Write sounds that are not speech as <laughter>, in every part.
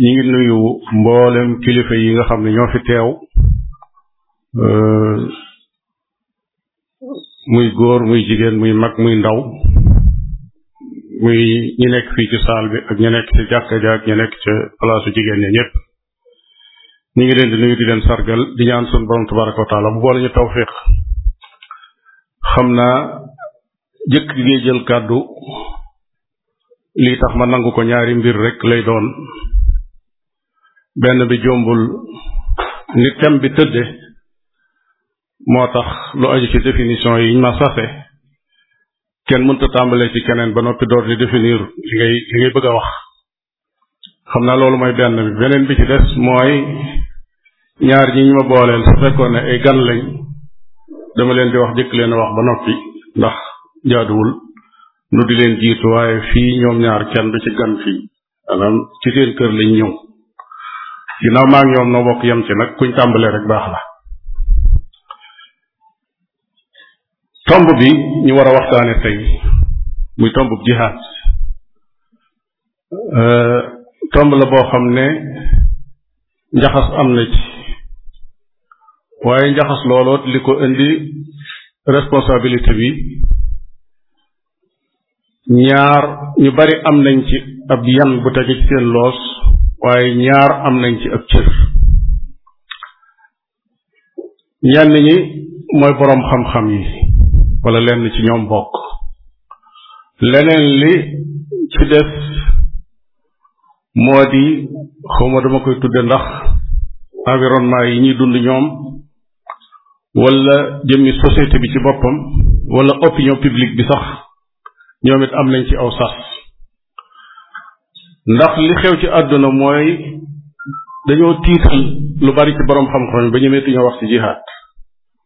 ñu ngi nuyu mboolem kilifa yi nga xam ne ñoo fi teew euh, muy góor muy jigéen muy mag muy ndaw muy ñi nekk fii ci saal bi ak ñi nekk ci jàkka ja ak nekk ci palaasu jigéen ñi ñëpp ñu ngi leen di nuyu di leen sargal di ñaan sun borom tabaraka wa taala bu boole ñu tawfiq xam naa jëkk gi jël kàddu lii tax ma nangu ko ñaari mbir rek lay doon benn bi jombul ni thème bi tëdde moo tax lu aju ci définition yi ñu ma sase kenn mënta tàmbalee ci keneen ba noppi door di définir li ngay li ngay bëgg wax xam naa loolu mooy benn bi beneen bi ci des mooy ñaar ñi ñu ma booleel su fekkoon ay gan lañ dama leen di wax jëkk leen wax ba noppi ndax jaaduwul nu di leen jiitu waaye fii ñoom ñaar kenn du ci gan fii ci seen kër lañ ñëw ginnaaw maa ngi ñoom noo bokk yem ci nag kuñ tàmbalee rek baax la tomb bi ñu war a waxtaane tey muy tomb jihaad tomb la boo xam ne njaxas am na ci waaye njaxas looloot li ko indi responsabilité bi ñaar ñu bari am nañ ci ab yan bu tege ci seen loos waaye ñaar am nañ ci ab cër ñenn ñi mooy boroom xam-xam yi walla lenn ci ñoom bokk leneen li ci des moo di xawma dama koy tudde ndax environnement yi ñuy dund ñoom wala jëmmi société bi ci boppam wala opinion publique bi sax ñoom it am nañ ci aw sas ndax li xew ci àdduna mooy dañoo tiital lu bari ci borom xam-xam ba ñemee ñoo wax ci jihaad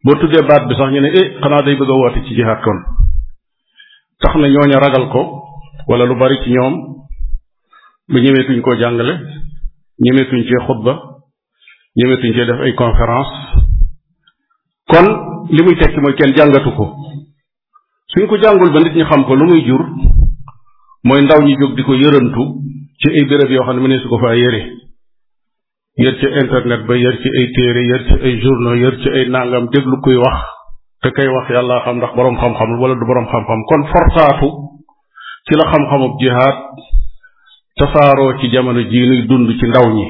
boo tuddee baat bi sax ñu ne eh, xanaa day bëgg a woote ci jihaad kon tax na ñooña ragal ko wala lu bari ci ñoom ba ñemeetuñ koo jàngale ñemeetuñ cee xutba ñemeetuñ cee def ay conférence kon li muy tekki mooy kenn jàngatu ko suñ ko jàngul ba nit ñu xam ko lu muy jur mooy ndaw ñi jóg di ko yërëntu ci ay béréb yoo xam ne mëneesu ko faa yëre yër ci internet ba yër ci ay téere yër ci ay journaux yër ci ay nangam déglu kuy wax te kay wax yàlla xam ndax boroom xam-xam wala du boroom xam-xam kon fortaatu ci la xam-xamub jihaad tasaaroo ci jamono ji nuy dund ci ndaw ñi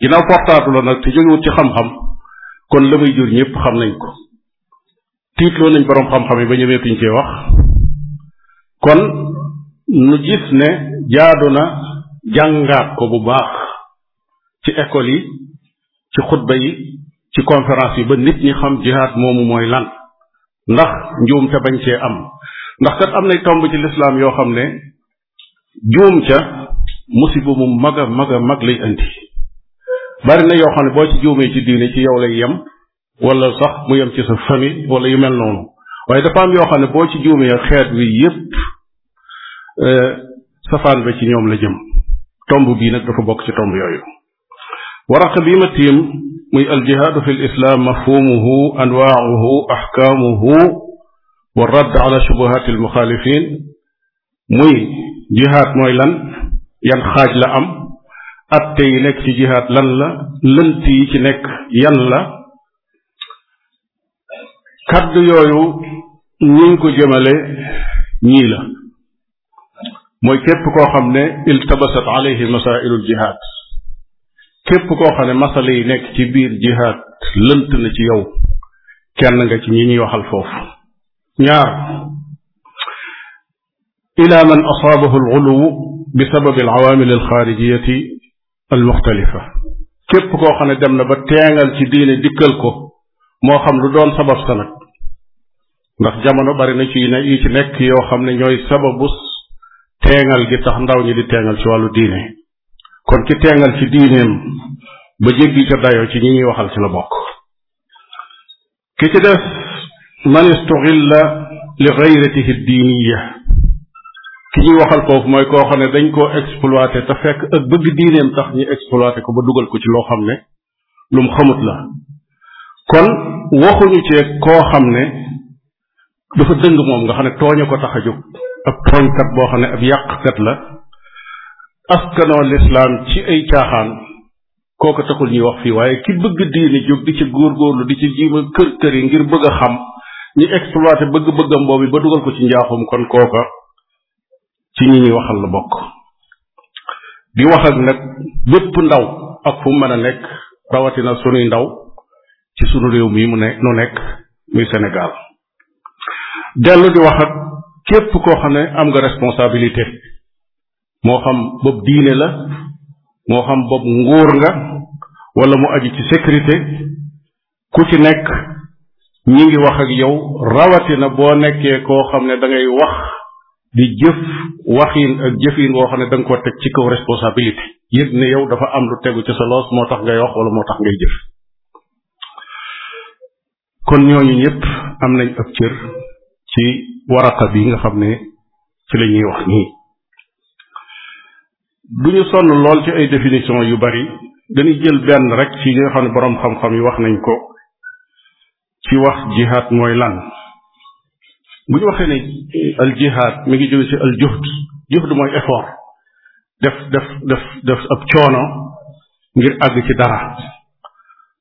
ginnaaw fortaatu la nag te jógewut ci xam-xam kon la muy jur ñëpp xam nañ ko tiitloo nañ boroom xam-xam yi ba ñëmeetuñ cee wax kon nu gis ne jaadu na jàngaat ko bu baax ci école yi ci xutba yi ci conférence yi ba nit ñi xam jihaad moomu mooy lan ndax njuum te bañ cee am ndax kat am nay tomb ci lislaam yoo xam ne juum ca musiba mu mag a mag a mag lay indi bari na yoo xam ne boo ci juumee ci diine ci yow lay yem walla sax mu yem ci sa famille wala yu mel noonu waaye dafa am yoo xam ne boo ci juumee xeet wi yépp euh, safaan ba ci ñoom la jëm tomb bii nag dafa bokk ci tomb yooyu waraqa bii ma tiim muy aljihaadu fi lislaam mafhumuhu anwaauhu axkaamuhu wa radd ala shubuhaati almuxaalifin muy jihaad mooy lan yan xaaj la am atte yi nekk ci jihaad lan la lënt yi ci nekk yan la kaddu yooyu ñu ngi ko jëmale ñii la mooy képp koo xam ne iltabasat alayhi masailul koo xam ne masala yi nekk ci biir jihaad lënt na ci yow kenn nga ci ñi ñuy waxal foofu ñaar ila man asaabahu alxuluw bi sababi alawaamil alxaarijiyati almuxtalifa képp koo xam ne dem na ba teengal ci diine dikkal ko moo xam lu doon sabab sa nag ndax jamono bari na ci ne yi ci nekk yoo xam ne ñooy sababus teengal gi tax ndaw ñi di teengal ci wàllu diine kon ki teengal ci diineem ba jéggi ca dayo ci ñi ñuy waxal ci la bokk ki ci def man istuxilla li gayratihi diiniya ki ñuy waxal kooku mooy koo xam ne dañ koo exploité te fekk ak bëgg diineem tax ñu exploité ko ba dugal ko ci loo xam ne lum xamut la kon waxuñu ci koo xam ne dafa dëng moom nga xam ne tooña ko tax a jóg ab tooñkat boo xam ne ab yàq yàqkat la askanoo lislaam ci ay caaxaan kooku taxul ñuy wax fii waaye ki bëgg diine jóg di ci góorgóorlu di ci jiima kër kër yi ngir bëgg a xam ñu exploité bëgg-bëggam boobu ba dugal ko ci njaaxum kon kooka ci ñi ñuy waxal la bokk di wax ak nag bépp ndaw ak fu mën a nekk rawatina sunuy ndaw ci sunu réew mii mu ne nu nekk muy Sénégal dellu di wax ak képp koo xam ne am nga responsabilité moo xam bopp diine la moo xam bopp nguur nga wala mu aju ci sécurité ku ci nekk ñi ngi wax ak yow rawatina boo nekkee koo xam ne dangay wax di jëf waxin ak jëfin woo xam ne da nga ko teg ci kaw responsabilité yëg ne yow dafa am lu tegu ci sa moo tax ngay wax wala moo tax ngay jëf kon ñooñu ñëpp am nañ ab cër ci waraqa bi nga xam ne ci la ñuy wax nii du ñu sonn lool ci ay définition yu bari dañuy jël benn rek ci ñi nga xam ne boroom xam-xam yi wax nañ ko ci wax jihaad mooy lan bu ñu waxee ne eh, al mi ngi jóge ci al juhd juhd mooy effort def def def ab coono ngir àgg ci dara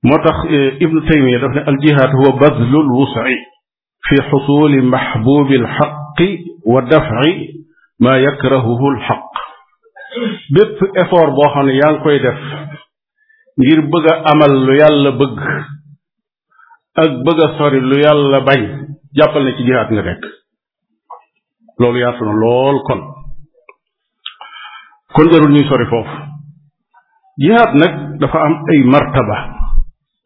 moo tax eh, ibnu taymiya daf ne al jihaad huwa badlul wusai fi xusuli maxbubi alxaqi wa dafci maa yakrahuhu alxaq bépp effort boo xam ne yaa ngi koy def ngir bëgg a amal lu yàlla bëgg ak bëgg sori lu yàlla bañ jàppal ne ci jihaat nga nekk loolu yaatu lool kon kon jarul ñuy sori foofu jihaat nag dafa am ay martaba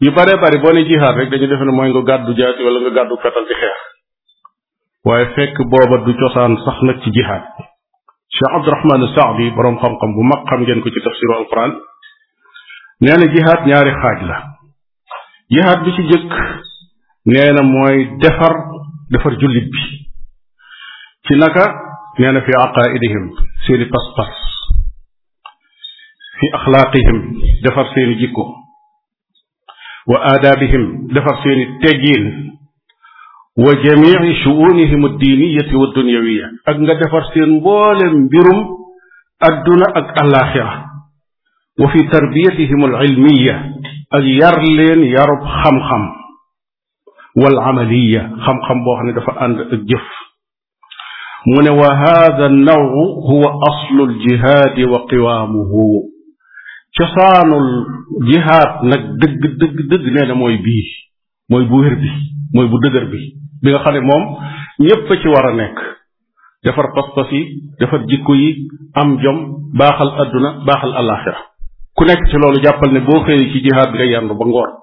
yu bare bari boo ne jihaad rek dañu defe ne mooy nga gàddu jaasi wala nga gàddu fetal di xeex waaye fekk booba du cosaan sax nag ci jihaad Cheikh Abdurahman Saadi boroom xam-xam bu mag xam ngeen ko ci tafsiru alquran nee na jihaad ñaari xaaj la jihaad bi ci jëkk nee na mooy defar defar jullit bi ci naka nee na fi aqaidihim seeni pas-pas fi axlaaqihim defar seeni jikko wa aadaabihim defar seeni teggiin wa jamici shuunihim addiiniyati wa dunyawiya ak nga defar seen mboolem mbirum adduna ak alaxira wa fi tarbiyatihim alilmiya ak yar leen yarub xam-xam wal amaliya xam-xam boo xam ne dafa ànd ak jëf mu ne wa haada nawu huwa aslu aljihaadi wa qiwaamuhu cosaanul jihaad nag dëgg dëgg dëgg nee na mooy bii mooy bu wér bi mooy bu dëgër bi bi nga xam ne moom ñépp a ci war a nekk defar pas-pas yi defar jikko yi am jom baaxal àdduna baaxal alaxira ku nekk ci loolu jàppal ne boo xëyee ci jihaad nga yandu ba ngoon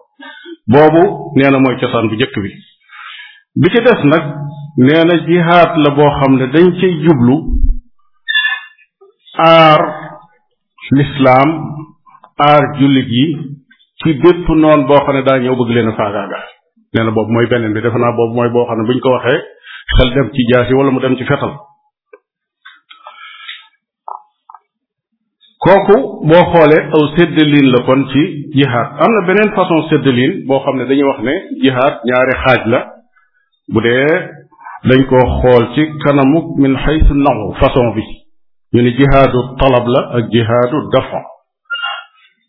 boobu nee na mooy cosaan bu njëkk bi bi ci des nag nee na jihaad la boo xam ne dañ cay jublu aar lislaam aar jullit yi ci bépp noon boo xam ne daa ñëw bëgg leen a faagaaga nee na boobu mooy beneen bi defe naa boobu mooy boo xam ne buñ ko waxee xel dem ci jaasi wala mu dem ci fetal kooku boo xoolee aw séddaliin la kon ci jihaad am na beneen façon séddaliin boo xam ne dañuy wax ne jihaad ñaari xaaj la bu dee dañ ko xool ci kanamu min xaysu nawu façon bi ñu ne jihaadu talab la ak jihaadu dafa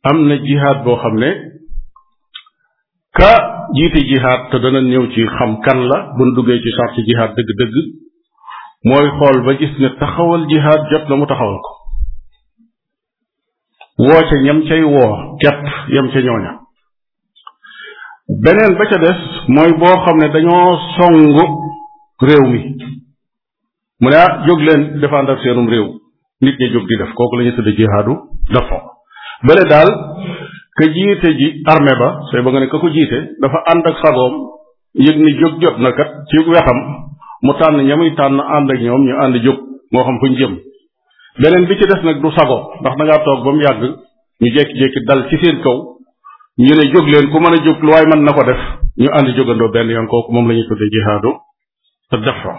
am na jihaad boo xam ne ka jiite jihaad te dana ñëw ci xam kan la buñ duggee ci charte jihaad dëgg-dëgg mooy xool ba gis ne taxawal jihaad jot na mu taxawal ko woo ca ñam cay woo kepp yam ca ñooña beneen ba ca des mooy boo xam ne dañoo songu réew mi mu ne ah jóg leen défendre seenum réew nit ñi jóg di def kooku la ñu tudde dafa bële daal ka jiite ji armée ba sooy ba nga ne ka ko jiite dafa ànd ak sagoom yëg ni jóg jot na kat ci wetam mu tànn ña tànn ànd ak ñoom ñu ànd jóg moo xam fu ñu jëm beneen bi ci des nag du sago ndax da toog ba mu yàgg ñu jékki-jékki dal ci seen kaw ñu ne jóg ku mën a jóg lu waay mën na ko def ñu ànd jógandoo benn yoon kooku moom la ñuy tudde jihaadu te def fa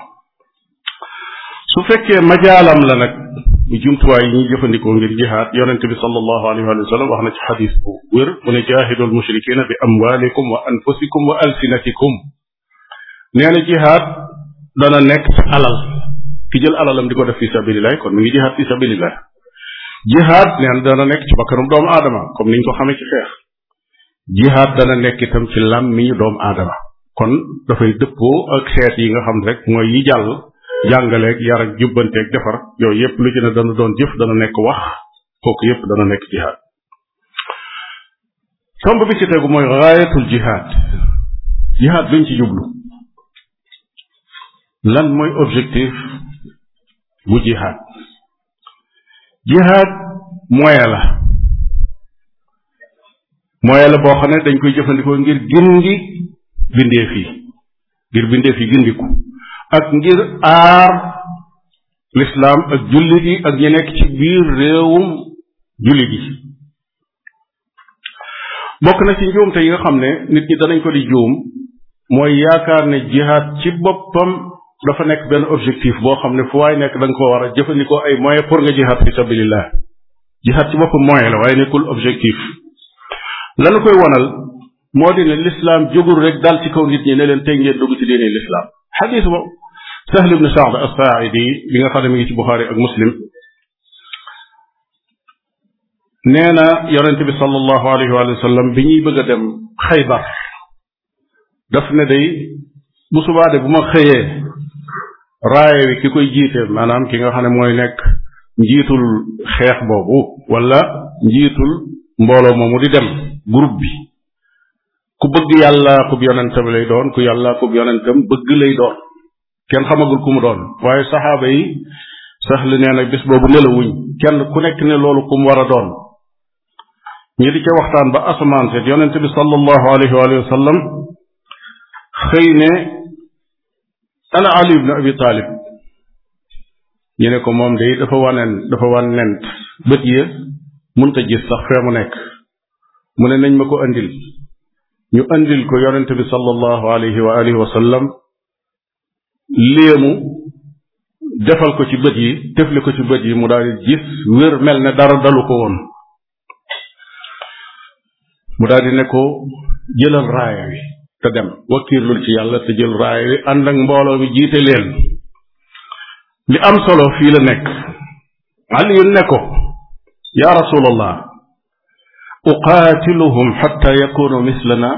su fekkee majaalam la nag bi jumtuwaay yi ñuy jëfandikoo ngir jihaad yonente bi sallallahu alayhi wa wax na ci xadis bu wér mu ne jaahidul mushrikina bi amwalikum wa anfusikum wa alsinatikum nee na jihaad dana nekk ci alal ki jël alalam di ko def fi sabilillah kon mu ngi jihaad fi sabilillah jihaad nee na dana nekk ci bakkanum doomu aadama comme ñu ko xamee ci xeex jihaad dana nekk itam ci làmmiñu doomu aadama kon dafay dëppoo ak xeet yi nga xam rek mooy yi jàll jàngaleeg yar ak jubbanteeg defar yooyu yépp lu ci ne dana doon jëf dana nekk wax kooku yépp dana nekk jihaad tomb bi ci tegu mooy raayatul jihaad jihaad luñ ci jublu lan mooy objectif bu jihaad jihaad moyen la moyen la boo xam ne dañ koy jëfandikoo ngir gindi bindeef yi ngir bindeef yi gindiku ak ngir aar lislaam ak jullit yi ak ñu nekk ci biir réewum jullit yi bokk na ci njuumte yi nga xam ne nit ñi danañ ko di juum mooy yaakaar ne jihaad ci boppam dafa nekk benn objectif boo xam ne fu waay nekk da nga ko war a jëfandikoo ay moyens pour nga jihaad fi sabilillah jihaad ci boppam moyen la waaye nekkul objectif lanu koy wonal moo di ne lislaam jógul rek dal ci kaw nit ñi ne leen tey ngeen dugg ci diine lislaam xadis ba Sahl ibn Saad as-Saaidi bi nga xam ne mi ngi ci Buxaari ak Muslim nee na yonente bi sallallahu alayhi wa sallam bi ñuy bëgg a dem Xaybar def ne day bu subaa bu ma xëyee raaya bi ki koy jiite maanaam ki nga xam ne mooy nekk njiitul xeex boobu wala njiitul mbooloo moomu di dem groupe bi ku bëgg yàlla kub yonentam lay doon ku yàlla kub yonentam bëgg lay doon kenn xamagul ku doon waaye saxaaba yi sax li nee nag bis boobu nelawuñ kenn ku nekk ne loolu ku mu war a doon ñi di ca waxtaan ba asamaan seet yonent bi sallallahu xëy ne ana ali ibn abi taalib ñu ne ko moom day dafa waneen dafa wanent bët ya mënta gis sax fee mu nekk mu ne nañ ma ko andil ñu andil ko yonente bi sallallahu alayhi wa alihi wa sallam léemu defal ko ci bët yi tefli ko ci bët yi mu daal di gis wér mel ne dara dalu ko woon mu daal di ko jëlal raaya wi te dem wakkiirlul ci yàlla te jël raaya wi ànd ak mbooloo bi jiite leen li am solo fii la nekk Aliyun ne yaa rasulallah uqaatiluhum xatta yakunu mislana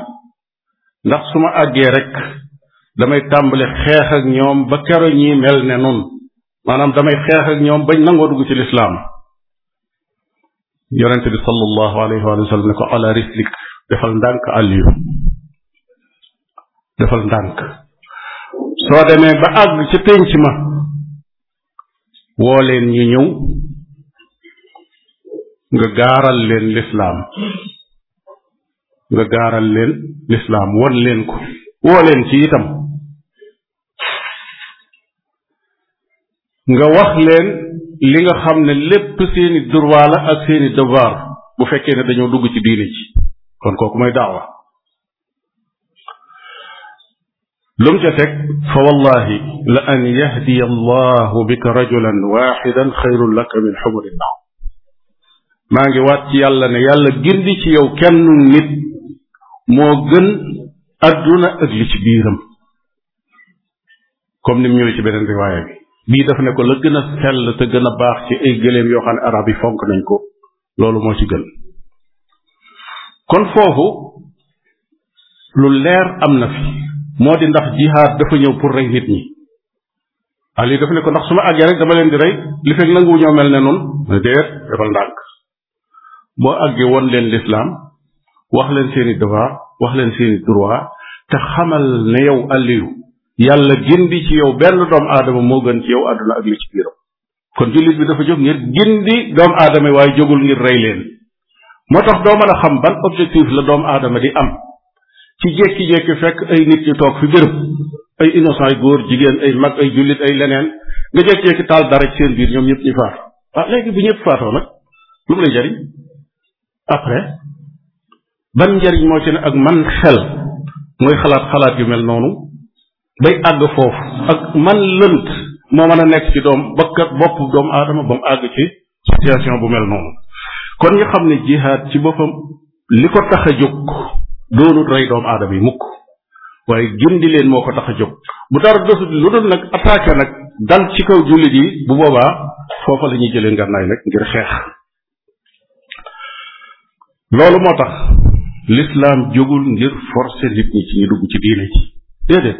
ndax su ma àggee rek damay tàmbali xeex ak ñoom ba kero ñi mel ne nun maanaam damay xeex ak ñoom bañ nangoo dugg ci lislaam yonent bi sallallahu alayhi wa sallam ko ala rislik defal ndànk Aliyu defal ndànk soo demee ba àgg ca pénc ma woo leen ñu ñëw nga gaaral leen lislaam nga gaaral leen lislaam won leen ko woo leen ci itam nga wax leen li nga xam ne lépp seeni droit la ak seeni bu fekkee ne dañoo dugg ci diine ji kon kooku mooy daawa lum ca teg fa wallahi la an yahdiya allahu bika rajulan waxidan xayrun min xumuri naam maa ngi waat yàlla ne yàlla gindi ci yow kenn nit moo gën adduna ak li ci biiram comme ni mu ñëwee ci beneen riwaaya bi bii dafa ne ko la gën a te gën a baax ci ay gëléem yoo xam ne arab yi fonk nañ ko loolu moo ci gën kon foofu lu leer am na fi moo di ndax jihaad dafa ñëw pour rey nit ñi ali dafa ne ko ndax su ma àggee rek dama leen di rey li fekk nanguwu ñoo mel ne noonu mu defal ndànk boo àggee won leen lislaam wax leen seeni devoir wax leen seeni droit te xamal ne yow Aliou yàlla di ci yow benn doomu aadama moo gën ci yow àdduna ak li ci biiram kon jullit bi dafa jóg ngir gindi doomu aadama yi waaye jógul ngir rey leen moo tax doo mën a xam ban objectif la doomu aadama di am ci jékki-jékki fekk ay nit ñu toog fi béréb ay innocent góor jigéen ay mag ay jullit ay leneen nga jékki-jékki taal dara ci seen biir ñoom ñëpp ñu faatu ah après ban njariñ moo ci ne ak man xel mooy xalaat xalaat yu mel noonu bay àgg foofu ak man lënt moo mën a nekk ci doom bokk bopp doomu aadama ba mu àgg ci situation bu mel noonu kon ñu xam ne jihaad ci boppam li ko tax a jóg doonut rey doomu aadama yi mukk waaye di leen moo ko tax a jóg bu dara dosut lu dul nag attaqué nag dal ci kaw jullit yi bu boobaa foofa lañuy jële jëlee ngànnaay nag ngir xeex loolu moo tax l'islam jógul ngir forcer nit ñi ci ñu dugg ci diine ji déedéet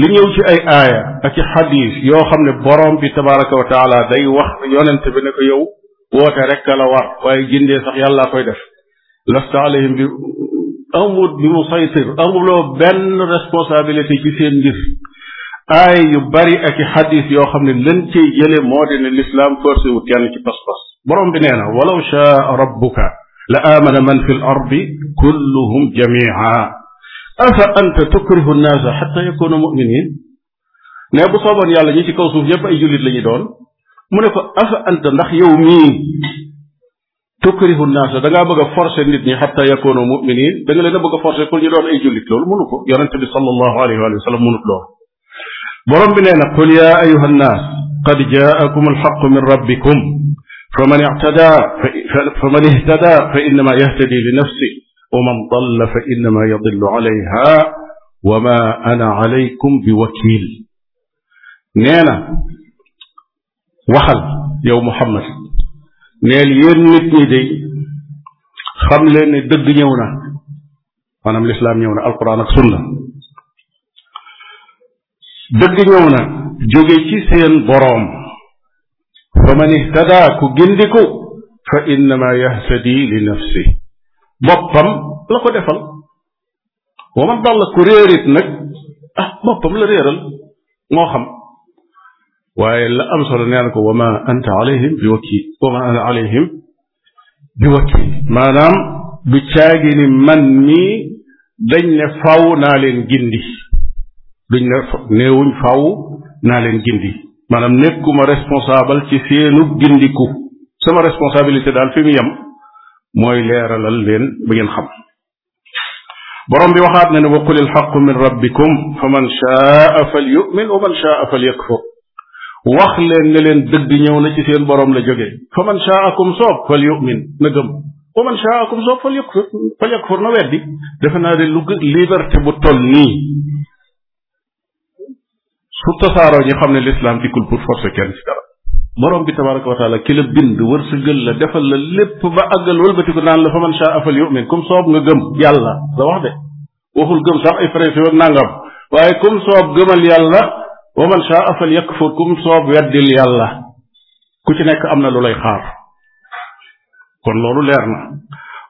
li ñëw ci ay aaya ak ci yoo xam ne borom bi tabaraka wa taala day wax yonent bi ne ko rek la war waaye jindee sax yàllaa koy def lasta alayhim bi amut bi musaytir amuloo benn responsabilité ci seen ngir aaya yu bari ak i xadiis yoo xam ne lën cay jële moo di ne l'islam ci pas borom bi nee na walaw shaa rabbuka la aamana man fi l ardi kulluhum jami'a afa anta tukrihu nnaasa xatta yakunu muminin ne bu sooboon yàlla ñi ci kaw suuf yépp ay jullit la ñu doon mu ne ko afa anta ndax yow mii tukrihu naasa da ngaa bëgg a forcer nit ñi xatta yakunu muminin da nga leen a bëgg a forcer pour ñu doon ay jullit loolu mënu ko yonente bi sallallahu alayhi wa sallam mënut loolu borom bi nee na qul yaa ayuha nnaas qad jaakum alxaqu min rabbikum faman ictadaa faman ihtadaa fa innama yahtadi li nafsihi wa man dalla fa innama yadillu alayha wa ma ana alaykum bi wakiil nee na waxal yow Muhammad neel yéen nit ñi de xam leen ne dëgg ñëw na maanaam lislaam ñëw na alquran ak sunna dëgg ñëw na jóge ci seen boroom fa man ihtadaa ku gindiku fa innama yahtadi li nafsi boppam la ko defal wa man dalla ku réerit nag ah boppam la réeral moo xam waaye la am solo nee na ko wa ma anta alayhim bi wakiil wa ma ana alayhim bi wakiil maanaam du caagi ni man mii dañ ne faw naa leen gindi duñ ne néewuñ faw naa leen gindi maanaam nekkuma responsable ci seenu gindiku sama responsabilité daal fi mu yem mooy la leen ba ngeen xam borom bi waxaat na ne wa qul ilxaqu min rabbikum fa man shaa fal yumin wax leen ne leen dëgg ñëw na ci seen borom la jóge fa man shaa akum soob fal yumin na gëm wa man shaa akum soob fal yakfur fal yakfur na weddi defe naa de lu liberté bu toll nii su tasaaroo ñu xam ne lislaam dikkul pour forcer kenn ci dara borom bi tabaraka wa taala ki la bind wërsëgal la defal la lépp ba àggal wëlbatiku naan la fa man shaa afal yumin comme soob nga gëm yàlla la wax de waxul gëm sax ay pression ak nangam waaye comme soob gëmal yàlla wa man shaa afal yakfur comme soob weddil yàlla ku ci nekk am na lu lay xaar kon loolu leer na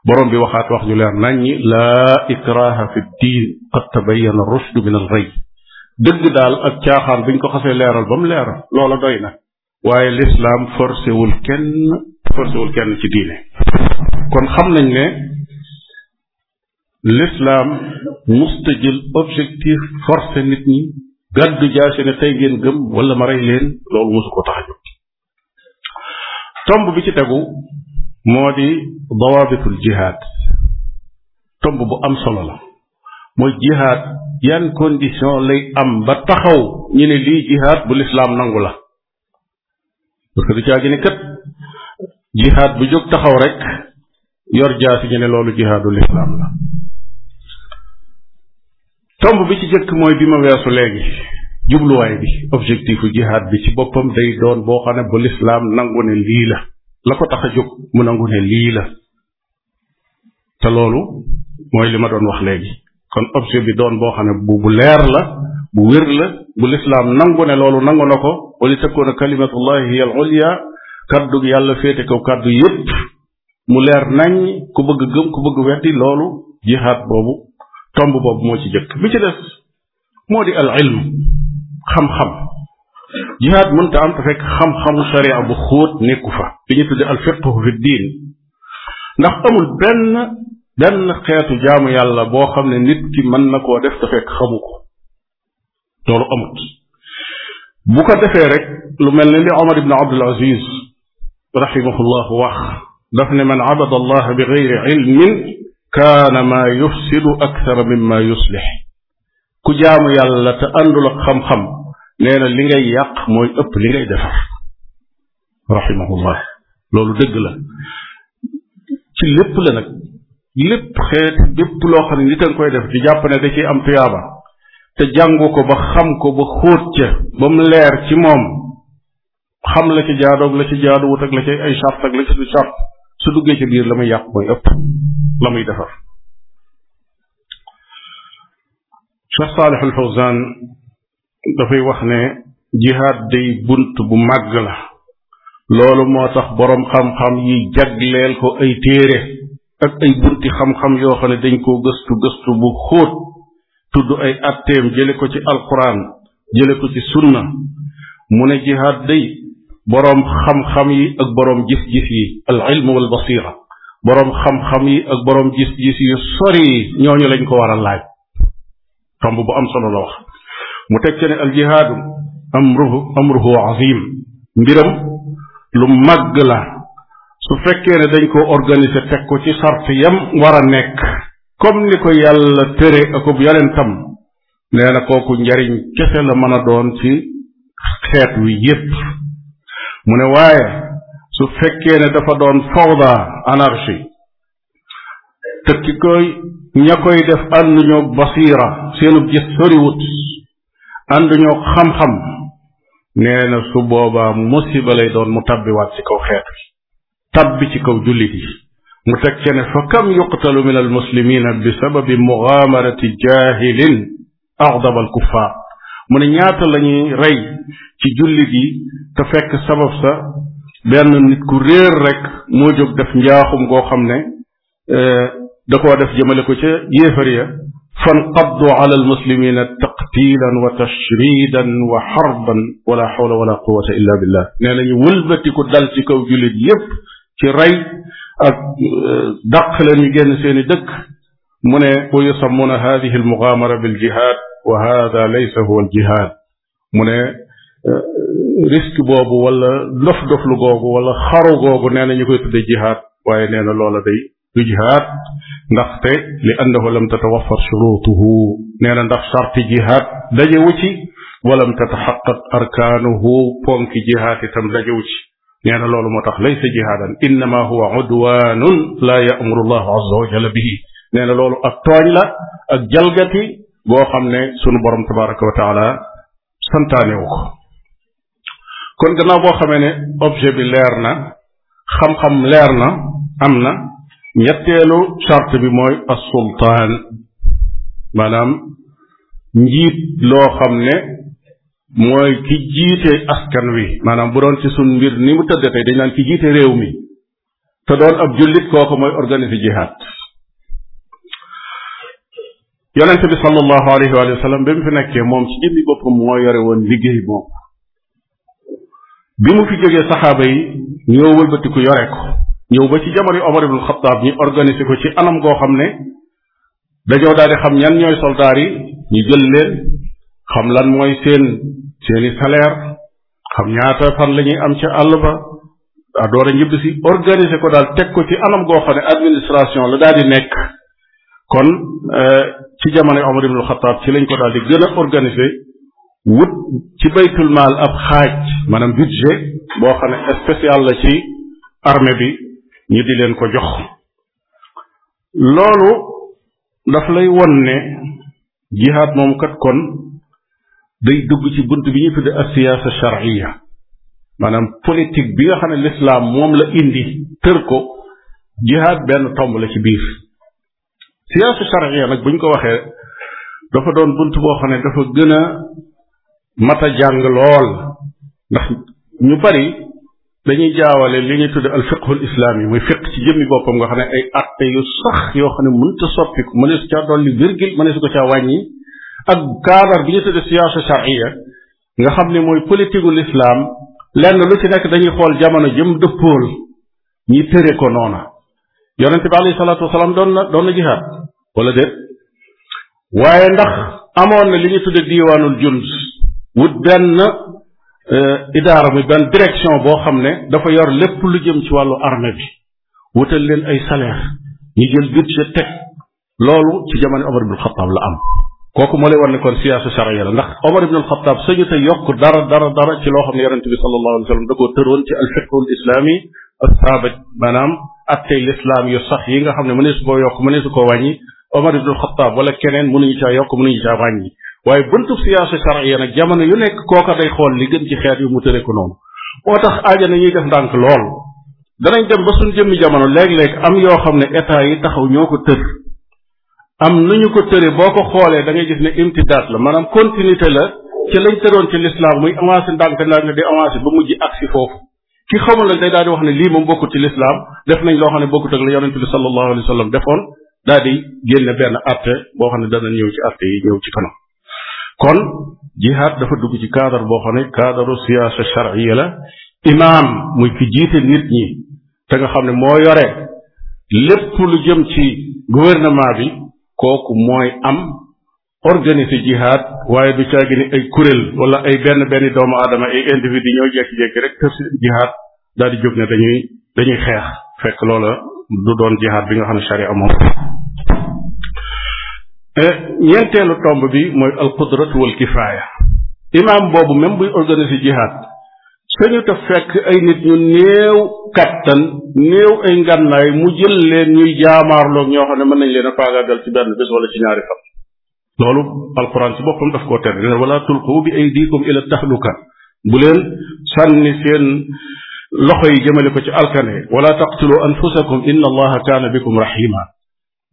borom bi waxaat wax ju leer nañ ñi laa ikraha fi diin qad tabayyana rushdu min al rëy dëgg daal ak caaxaan buñ ko xasee leeral ba mu leeral loola doy na waaye lislaam forcé wul kenn forcé wul kenn ci diine kon xam nañ ne lislaam musta objectif forcé nit ñi gàddu jaase ne tey ngeen gëm wala ma rey leen loolu mosu ko tax tomb bi ci tegu moo di dawaabitul jihaad tomb bu am solo la mooy jihaad yan condition lay am ba taxaw ñu ne lii jihaad bu lislaam nangu la parce que du caagi ne kat jihaad bu jóg taxaw rek yor jaasi ñu ne loolu jihaadu lislaam la tomb bi ci jëkk mooy bi ma weesu léegi jubluwaay bi objectifu jihaad bi ci boppam day doon boo xam ne bu lislaam nangu ne lii la la ko tax a jóg mu nangu ne lii la te loolu mooy li ma doon wax léegi kon objet bi doon boo xam ne bu bu leer la bu wér la bu lislaam nangu ne loolu nangu na ko wali takkoona kalimatullahi hiya al ulya kaddu yàlla féete kaw kaddu yépp mu leer nañ ku bëgg gëm ku bëgg weddi loolu jihaad boobu tomb boobu moo ci jëkk bi ci des moo di al ilm xam-xam jihaad mënta am te fekk xam-xamu sharia bu xóot nekku fa li ñu tudde al fiqhu fi diin ndax amul benn benn xeetu jaamu yàlla boo xam ne nit ki mën na koo def te fekk xamu ko loolu amut bu ko defee lu mel ni li Omar ibn Abdul Aziz rahimahullah wax daf ne man abada allah bi gayri ilmin kaana maa yufsidu akthara mimma yuslih ku jaamu yàlla te àndul ak xam-xam nee na li ngay yàq mooy ëpp li ngay defar rahimahullah loolu dëgg ci lépp la lépp xeet bépp loo xam ne nit a nga koy def di jàpp ne da ciy am tuyaaba te jàngu ko ba xam ko ba xóot ca ba mu leer ci moom xam la ci jaadoog la ci jaaduwut ak la ci ay charte ak la su duggee ci biir la muy yàq mooy ëpp la muy defar Cheikh Saalih al dafay wax ne jihaad day bunt bu màgg la loolu moo tax boroom xam-xam yi jagleel ko ay téere ak ay bunti xam-xam yoo xam ne dañ koo gëstu gëstu bu xóot tudd ay atteem jële ko ci alquran jële ko ci sunna mu ne jihaad day boroom xam-xam yi ak boroom gis-gis yi al ilm wal boroom xam yi ak boroom gis-gis yu lañ ko waral a laaj tomb bu am solo la wax mu teg ne al jihaadu amruhu amruhu azim mbiram lu màgg la su fekkee ne dañ ko organiser teg ko ci sart yam war a nekk comme ni ko yàlla tere akub yonentam nee na kooku njariñ kese la mën a doon ci xeet wi yépp mu ne waaye su fekkee ne dafa doon fawda anarchie te koy ña koy def ànduñoo basiira seenub gis soriwut ànduñoo xam-xam nee su boobaa musiba lay doon mu tabbiwaat ci kaw xeet wi tabbi ci kaw jullit yi mu teg ce ne fa kam yuqtalu min almuslimina bi sababi mugaamarati jaahilin aghdaba alkuffaar mu ne ñaata lañuy rey ci jullit yi te fekk sabab sa benn nit ku réer rek moo jóg def njaaxum goo xam ne euh, da koo def jëmale ko ca yéefar ya fanqaddu ala almuslimina taqtilan wa tashridan wa xarban wala xawla wala quwata illa billah nee nañu wëlbatiku dal ci kaw jullit yépp ci rey ak euh, dàq leen ñu génn seen i dëkk mu ne wa yusammuuna hadihi almugaamara biljihad wa hada laysa huwa aljihad mu ne euh, risque boobu wala dof doflu googu wala xaru googu nee na ñu koy tudde jihaad waaye nee na loola day du jihaad ndaxte li annahu lam tatawaffar shurutuhu nee na ndax sarti jihaad dajewu ci walam tataxaqaq arkaanuhu ponki jihaad itam dajewu ci nee loolu moo tax laysa jihaadan innama huwa udwanun laa ya'muru allahu azza wa jalla bihi nee na loolu ak tooñ la ak jalgati boo xam ne sunu borom tabaraka wa taala santaanewu kon gannaaw boo xamee ne objet bi leer na xam leer na am na ñetteelu charte bi mooy as sultaan maanaam njiit loo xam ne mooy ki jiite askan wi maanaam bu doon ci suñ mbir ni mu tëdd tey dañ naan ki jiite réew mi te doon ab jullit kooku mooy organiser jihaad yonente bi sallallahu alayhi wa bi mu fi nekkee moom ci jëmmi woon liggéey moom bi jógee saxaaba yi ñoo wëlbatiku yore ko ñëw ba ci jamono Omar ibn ñu organiser ko ci anam goo xam ne dañoo daal di xam ñan ñooy soldaar yi ñu jël leen xam lan mooy seen seeni salaire xam ñaata fan lañuy am ca àll ba daa door a ko daal teg ko ci anam boo xam ne administration la daal di nekk kon euh, ci jamono Omar ibnul Xataab ci lañ ko daal di gën a wut ci baytul maal ab xaaj maanaam budget boo xam ne spécial la ci armée bi ñu di leen ko jox loolu daf lay won ne jihaad moom kat kon day dugg ci bunt bi ñuy tudde asiyaasa charia maanaam politique bi nga xam ne lislaam moom la indi tër ko jihaad benn tomb la ci biir siyaasa charia nag buñ ko waxee dafa doon bunt boo xam ne dafa gën a mat a jàng lool ndax ñu bari dañuy jaawale li ñuy tudd al fiqhul islaami muy fiq ci jëmmi boppam nga xam ne ay atte yu sax yoo xam ne mënta soppiku mënees caa dolli virgule mënees ko caa wàññi ak cadre bi ñu tudde siyaasa charia nga xam ne mooy politique ul islaam lenn lu ci nekk dañuy xool jamono jëm dëppool ñi tëre ko noona yonente bi alayhi salaatu wasalaam doon na doon na jihaad wala déet waaye ndax amoon na li ñu tudde diiwaanul jund wut benn eh, idaara muy benn direction boo xam ne dafa yor lépp lu jëm ci wàllu armée bi wutal leen ay salaire ñu jël budget teg loolu ci jamono Omar ibn Xattaab la am kooku moo lay war ne kon siyaasu charia la ndax Omar ibn al-Khattab sañu te yokk dara dara ci loo xam ne yonente bi sallallahu alayhi wa sallam da koo tëroon ci alfiqul islami asabit maanaam attey lislaam yu yi nga xam ne mëneesu koo yokk mëneesu koo wàññi Omar ibn al keneen mënuñu caa yokk mënuñu caa wàññi waaye buntub siyaasu charia nag jamono yu nekk kooka day xool li gën ci xeet yu mu tëre ko noonu moo tax aaja na ñuy def ndànk lool danañ dem ba suñ jëmmi jamono léeg-léeg am yoo xam ne état yi taxaw ñoo ko tër am nañu ko tëre boo ko xoolee da ngay gis ne imtidaat la maanaam continuité la ci lañ tëroon ci lislaam muy avancé ndànk ndànk di avancé ba mujj agsi foofu ki xamul la day daal di wax ne lii moom bokkut ci lislaam def nañ loo xam ne bokkut ak la yonente bi sallallahu alayhi wa sallam defoon daal di génne benn atte boo xam ne dana ñëw ci atte yi ñëw ci kanam kon jihaad dafa dugg ci cadre boo xam ne cadre siyaasa charia la imaam muy ki jiite nit ñi te nga xam ne moo yore lépp lu jëm ci gouvernement bi kooku mooy am organiser jihaad waaye du caagi ni ay kuréel wala ay benn benn doomu aadama ay individu ñoo jékki-jékki rek tëf jihaad daal di jóg na dañuy dañuy xeex fekk loola du doon jihaad bi nga xam ne sharia moom eh, ñeenteelu tomb bi mooy al qudratu wal kifaaya imaam boobu même buy organiser sañu te fekk ay nit ñu néew kattan néew ay ngànnaay mu jël leen ñuy jaamaarloog ñoo xam ne mën nañ leen a faagaagal ci benn bés wala ci ñaari fan loolu alquran ci boppam daf koo tere ne wala tulqu bi aydikum ila tahluka bu leen sànni seen loxo yi jëmale ko ci alkane wala taqtulu anfusakum inna allaha kaana bikum rahima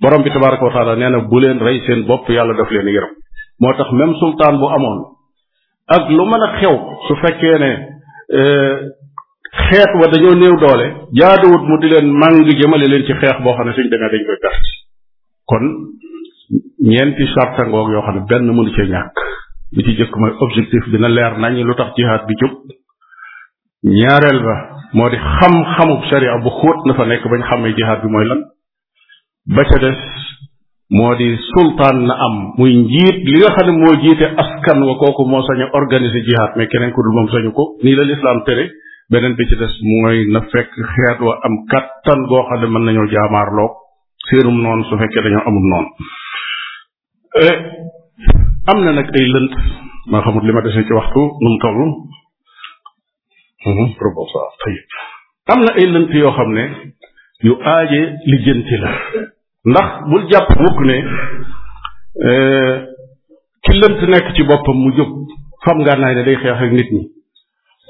borom bi tabaraka wa taala nee na bu leen rey seen bopp yàlla daf leen yërëm moo tax même sultaan bu amoon ak lu mën Euh, xeet wa dañoo néew doole jaaduwut mu di leen màng jëmale leen ci xeex boo xam ne suñ demee dañ koy perte kon ñeenti sarta ngoog yoo xam ne benn mënu cee ñàkk bi ci jëkk mooy objectif bi leer nañ lu tax jihaad bi jub ñaareel ba moo di xam-xamub sharia bu xóot na fa nekk bañ xamee jihaad bi mooy lan ba ca des moo di sultaan na am muy njiit li nga xam ne moo jiite askan wa kooku moo sañ a organiser mais keneen ku dul moom sañu ko nii la lislaam tere beneen bi ci des mooy na fekk xeet wa am kattan goo xam ne mën nañoo jaamaarloog séenum noonu su fekkee dañoo amul noonu eh, am na nag ay lënt maa xamul li ma dese ci waxtu nu mu mhm, am na ay lënt yoo xam ne yu aaje lijjanti la ndax bul jàpp mukk ne euh, ki lënt nekk ci boppam mu jóg fam ngànnaay ne day xeex ak nit ñi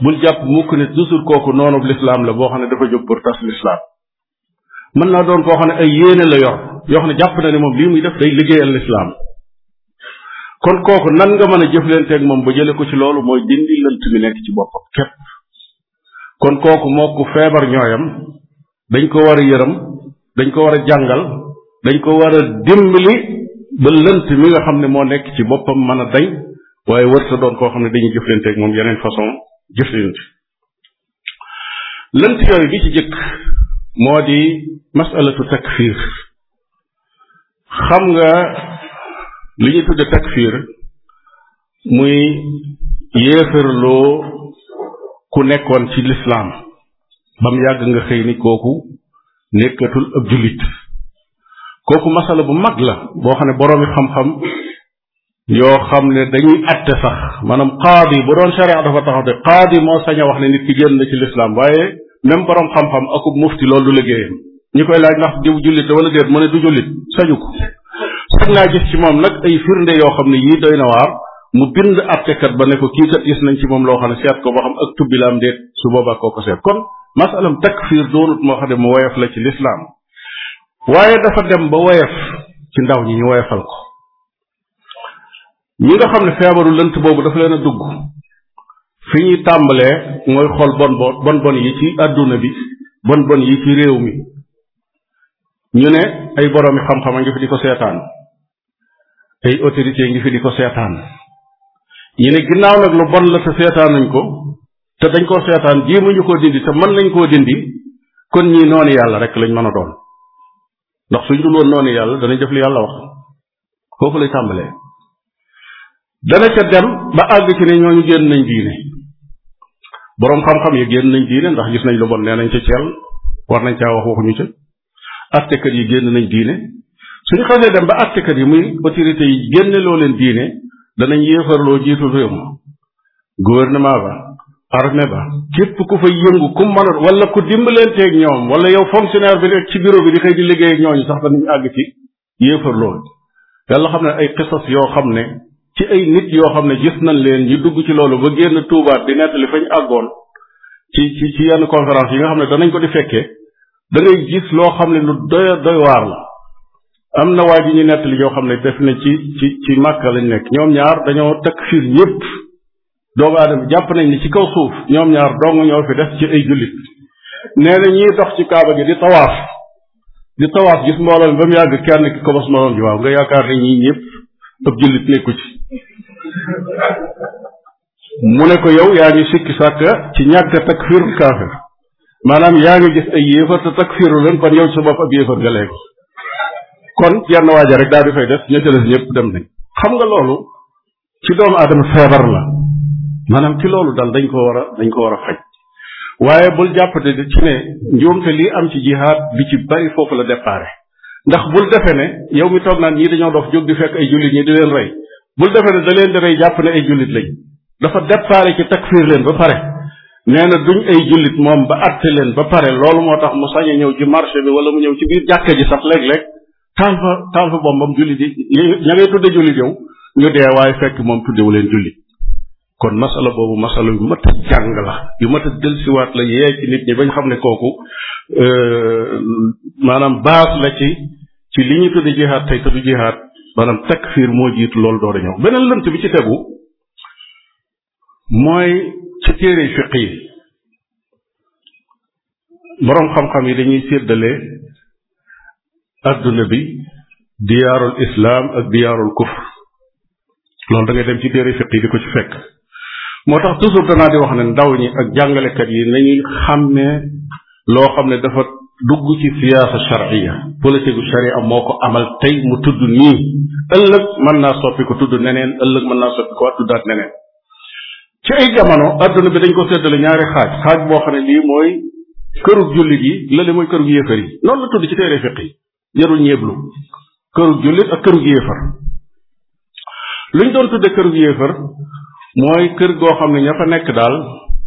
bul jàpp mukk ne toujours kooku noonu lislaam la boo xam ne dafa jóg pour tas lislaam mën naa doon koo xam ne ay yéene la yor yoo xam ne jàpp na ne moom lii muy def day liggéeyal lislaam kon kooku nan nga mën a jëflanteeg moom ba jële ko ci loolu mooy dindi lënt mi nekk ci boppam képp kon kooku moo ku feebar ñooyam dañ ko war a yërëm dañ ko war a jàngal dañ ko war a dimbali ba lënt mi nga xam ne moo nekk ci boppam mën a dañ waaye wërta doon koo xam ne dañuy jëflante ak moom yeneen façon jëflante lënt yooyu bi ci jëkk moo di masalatu takfir xam nga li ñuy tudde takfir muy yéefarloo ku nekkoon ci lislaam bam yàgg nga xëy ni kooku nekkatul ab jullit kooku masala bu mag la boo xam ne boroomi xam-xam yoo xam ne dañuy atte sax maanaam qaadi bu doon sharia dafa taxaw te qaadi moo sañ a wax ne nit ki génn na ci lislaam waaye même boroom xam-xam akub mufti loolu du liggéeyam ñi koy laaj ndax diw jullit la wala déet mu ne du jullit sañu ko sañ naa gis ci moom nag ay firnde yoo xam ne yii doy na waar mu bind attekat ba ne ko kii kat gis nañ ci moom loo xam ne seet ko ba xam ak tubbi la am déet su boobaa kooko ko seet kon masalam takfir doonut moo xam ne mu woyof la ci lislaam waaye dafa dem ba woyof ci ndaw ñi ñu woyofal ko ñi nga xam ne feebaru lënt boobu dafa leen a dugg fi ñuy tàmbalee mooy xool bon bon bon yi ci àdduna bi bon bon yi ci réew mi ñu ne ay boroomi xam-xam a ngi fi di ko seetaan ay autorités ngi fi di ko seetaan ñu ne ginnaaw nag lu bon la te seetaan nañ ko te dañ koo seetaan jéemuñu koo dindi te mën nañ koo dindi kon ñii noonu yàlla rek lañ mën a doon ndax suñ dul woon noonu yàlla danañ def li yàlla wax foofu lay tàmbalee dana ca dem ba àgg ci ne ñooñu génn nañ diine boroom xam-xam yi génn nañ diine ndax gis nañ lu bon nee nañ ca ceel war nañ caa wax waxuñu ca kër yi génn nañ diine suñu xasee dem ba attekat yi muy autorités yi génne loo leen diine danañ yéefarloo jiitu réew ma gouvernement ba armée ba képp ku fa yëngu ku mën a wala leen dimbalanteeg ñoom wala yow fonctionnaire bi rek ci bureau bi di xëy di liggéey ak ñooñu sax danañ àgg ci yéefar loolu yàlla xam ne ay xisas yoo xam ne ci ay nit yoo xam ne gis nañ leen ñu dugg ci loolu ba génn tuubaat di nettali fañ àggoon ci ci yenn conférence yi nga xam ne danañ ko di fekkee da ngay gis loo xam ne lu doy doy waar la am na waa ji ñu nettali yoo xam ne def na ci ci ci màkka lañ nekk ñoom ñaar dañoo takk fiir ñëpp doomu aadama jàpp nañ ni ci kaw suuf ñoom ñaar dong ñoo fi def ci ay jullit nee na ñiy dox ci kaaba gi di tawaaf di tawaaf gis mbooloo ba mu yàgg kenn ki kobos moroom ji waaw nga yaakaar ne ñii ñëpp ab jullit nekku ci mu ne ko yow yaa ngi sikki sàkka ci ñàkk takfirul kaafir maanaam yaa ngi gis ay yéefar te takfiru leen kon yow ci sa bopp ab yéefar nga léegi kon yenn waaja rek daal di fay def ña ca des ñëpp dem nañ xam nga loolu ci doomu aadama feebar la maanaam ki loolu dal dañ ko war a dañ ko war a faj waaye bul jàppate di ci ne njuumte lii am ci jihaad bi ci bari foofu la déparé ndax bul defe ne yow mi toog naan ñii dañoo dox jóg di fekk ay jullit ñi di leen rey bul defe ne da di rey jàpp ne ay jullit lañ dafa déparé ci takfir leen ba pare nee na duñ ay jullit moom ba àtte leen ba pare loolu moo tax mu sañ ñëw ci marché bi wala mu ñëw ci biir jàkka ji sax léeg-léeg taal fa taal fa bombam jullit yi ña ngay tudde jullit yow ñu dee waaye fekk moom tuddewu leen jullit kon masala boobu masala yu mat a jàng la yu mat a delsiwaat la yee ci nit ñi bañ xam ne kooku euh, maanaam base la ci ci li ñu tuddi jihaad tey te du jihaad maanaam takfir moo jiit loolu door a ñëw beneen lënt bi ci tegu mooy ci téere fiq yi boroom xam-xam yi dañuy seddale adduna bi diyaarul islaam ak diyaarul kufr loolu da ngay dem ci téere fiq yi di ko ci fekk moo tax toujours danaa di wax ne ndaw ñi ak jàngalekat yi nañuy xàmmee loo xam ne dafa dugg ci siyaasa charia politique gu moo ko amal tey mu tudd nii ëllëg mën naa soppi ko tudd neneen ëllëg mën naa soppi ko waat tuddaat neneen ci ay jamono adduna bi dañ ko séddale ñaari xaaj xaaj boo xam ne lii mooy kërug jullit yi lële mooy kërug yéefar yi noonu la tudd ci téere fiq yi jarul ñeeblu kërug jullit ak kërug yéefar luñ doon tudde kërug yéefar mooy kër goo xam ne ña fa nekk daal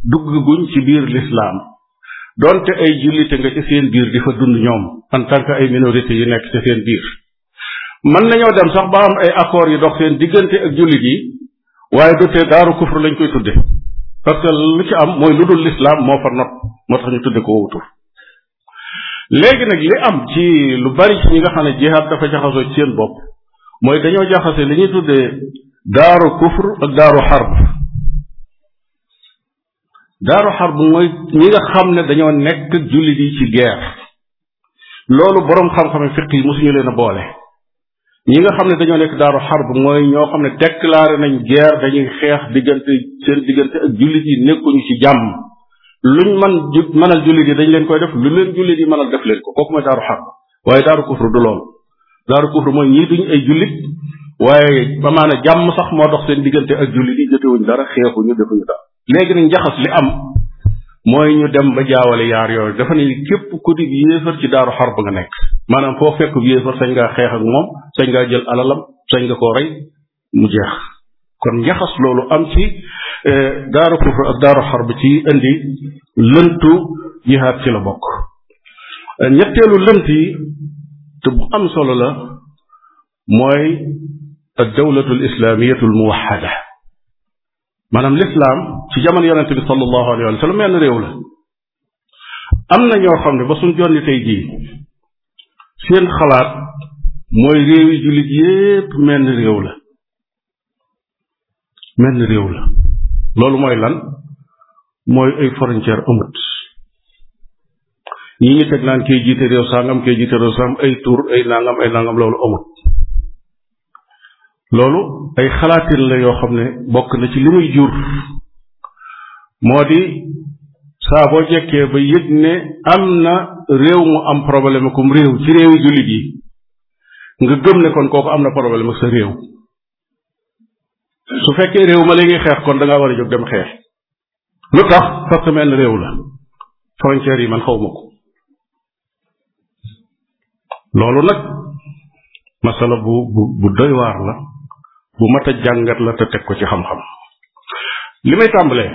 dugg guñ ci biir lislaam donte ay jullite nga ci seen biir di fa dund ñoom en ay minorité yu nekk ci seen biir mën nañoo dem sax ba am ay accords yu dox seen diggante ak jullit yi waaye du tee daaru kufr lañ koy tudde parce que lu ci am mooy lu dul lislaam moo fa not moo tax ñu tudde ko wowutul léegi nag li am ci lu bari ci ñi nga xam ne jihaad dafa jaxasoo ci seen bopp mooy dañoo jaxase li ñuy tuddee daaru kufr ak daaru xarb daaru xarb mooy ñi nga xam ne dañoo nekk jullit yi ci guerre loolu boroom xam-xame fiq yi mosuñu leen a boole ñi nga xam ne dañoo nekk daaru xarb mooy ñoo xam ne déclaré nañ guerre dañuy xeex diggante seen diggante ak jullit yi nekkuñu ci jàmm luñ man mënal jullit yi dañ leen koy def lu leen jullit yi mënal def leen ko kooku mooy daaru xarb waaye daaru kufr du loolu daaru kufr mooy ñii ay jullit waaye ba maana jàmm sax moo dox seen diggante ak julli di jotewuñ dara xeexuñu defuñu dara léegi nag njaxas li am mooy ñu dem ba jaawale yaar yooyu dafa ne képp ku di yéefar ci daaru bu nga nekk maanaam foo fekk yéefar sañ ngaa xeex ak moom sañ ngaa jël alalam sañ nga koo rey mu jeex kon njaxas loolu am ci eh, daaru kufr ak ci indi lëntu jihaad ci la bokk eh, ñetteelu lënt yi te bu am solo la mooy addawlatu alislaamiyatu almuwaxada maanaam lislaam ci menn réew la am na ñoo xam ne ba suñ jonni tey jii seen xalaat mooy réewi jullit yépp menn réew la menn réew la loolu mooy lan mooy ay frontière amut ñi ñu teg naan kay réew sangam kay jiite réew sangam ay tur ay nangam ay nangam loolu amut loolu ay xalaatin la yoo xam ne bokk na ci li muy jur moo di saa boo jekkee ba yëg ne am na réew mu am problème akum réew ci réewi jullit yi nga gëm ne kon kooku am na problème ak sa réew su fekkee réew ma léegi xeex kon da ngaa war a jóg dem xeex lu tax parce réew la frontières yi man xaw ma ko loolu nag masala bu bu bu doy waar la bu mat a jàngat la te teg ko ci xam-xam li may tàmbalee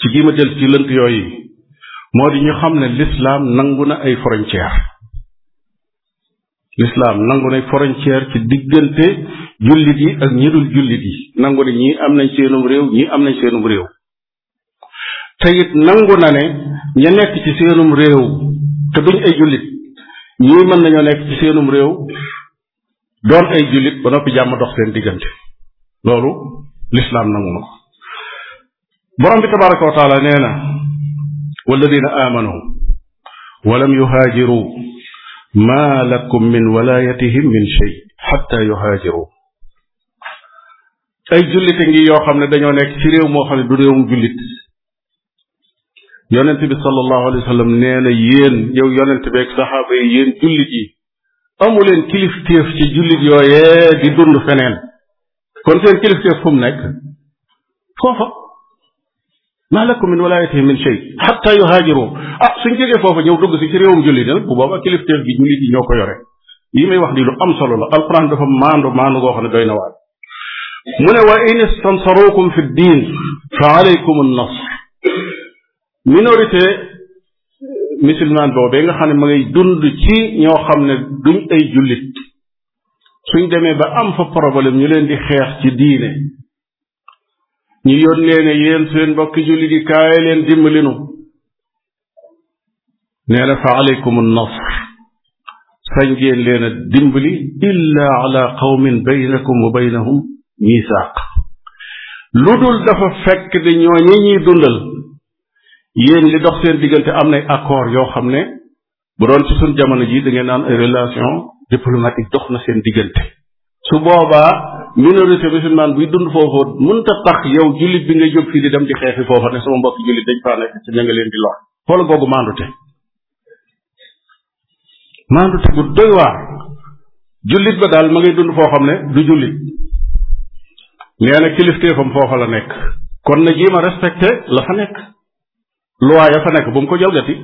ci gii ma jël ci lënt yooyu moo di ñu xam ne lislaam nangu na ay frontière lislaam na frontière ci diggante jullit yi ak ñi dul jullit yi nangu ne ñii am nañ seenum réew ñii am nañ seenum réew te it nangu na ne ña nekk ci seenum réew te duñ ay jullit ñii mën nañoo nekk ci seenum réew doon ay jullit ba noppi jàmm dox seen diggante loolu lislaam nangu na ko borom bi wa taala nee na walladina aamanu wa lam yuhaajiru ma lakum min walaayatihim yoo xam ne dañoo nekk ci réew moo xam ne du réewum jullit yonent bi sallallahu alayhi yi yéen jullit amuleen kilifteef ci jullit yooyee di dund feneen kon seen kilifteef fu mu nekk foofa maa lakum min walaayatihim min shay xatta yuhaajiru ah suñ jógee jullit yi nag bu boobaa kilifteef gi jullit yi ñoo ko yore yi may wax ni lu am solo la alquran dafa maandu maandu goo xam ne doy na waar mu ne wa in istansarukum fi ddin fa alaykum an nasr musulman boobee nga xam ne ma ngay dund ci ñoo xam ne duñ ay jullit suñ demee ba am fa problème ñu leen di xeex ci diine ñu yónnee ne yéen seen mbokki jullit yi kaay leen dimbali nu nee na fa aleykum an-nasr sañ ngeen leen a dimbali illa ala qawmin baynakum wa baynahum misaaq lu dul dafa fekk di ñooñi ñuy dundal yéen li dox seen diggante am nay accord yoo xam ne bu doon ci suñ jamono ji da ngeen naan ay relation diplomatique dox na seen diggante su boobaa minorité musulmane buy dund foofu mënta tax yow jullit bi ngay jóg fii di dem di xeexi foofa ne sama mbokk jullit dañ faa nekk ci ña nga leen di lor xool googu maandute maandute bu doy waar jullit ba daal ma ngay dund foo xam ne du jullit nee na kilifteefam foofa la nekk kon na jéem a respecté la fa nekk loi ya fa nekk bu mu ko jalgati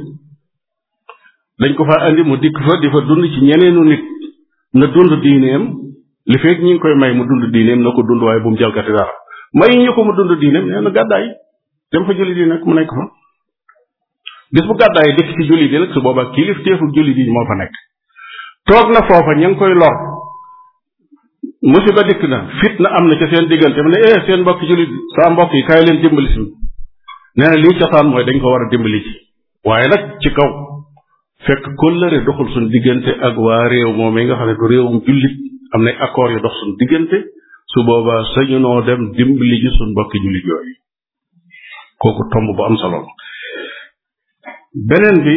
dañ ko fa andi mu dikk fa di fa dund ci ñeneenu nit na dund diineem li feeg ñi ngi koy may mu dund diineem na ko dund waaye bu mu jalgati dara may ñu ko mu dund diineem ne na gàddaay dem fa julli di nag mu nekk fa bis bu gàddaay dëkk ci julli di nag su boobaa kilif teefu julli di moo fa nekk toog na foofa ña ngi koy lor musiba dikk na fit na am na ca seen diggante mu ne eh seen mbokki julli saa mbokk yi kaay leen dimbali nee lii cosaan mooy dañ ko war a dimbali waaye nag ci kaw fekk kóllëre doxul suñ diggante ak waa réew moom yi nga xam ne du réewum jullit am nay accords yu dox suñ diggante su booba sañu noo dem dimbali ji suñ mbokki jullit yooyu kooku tomb bu am solo beneen bi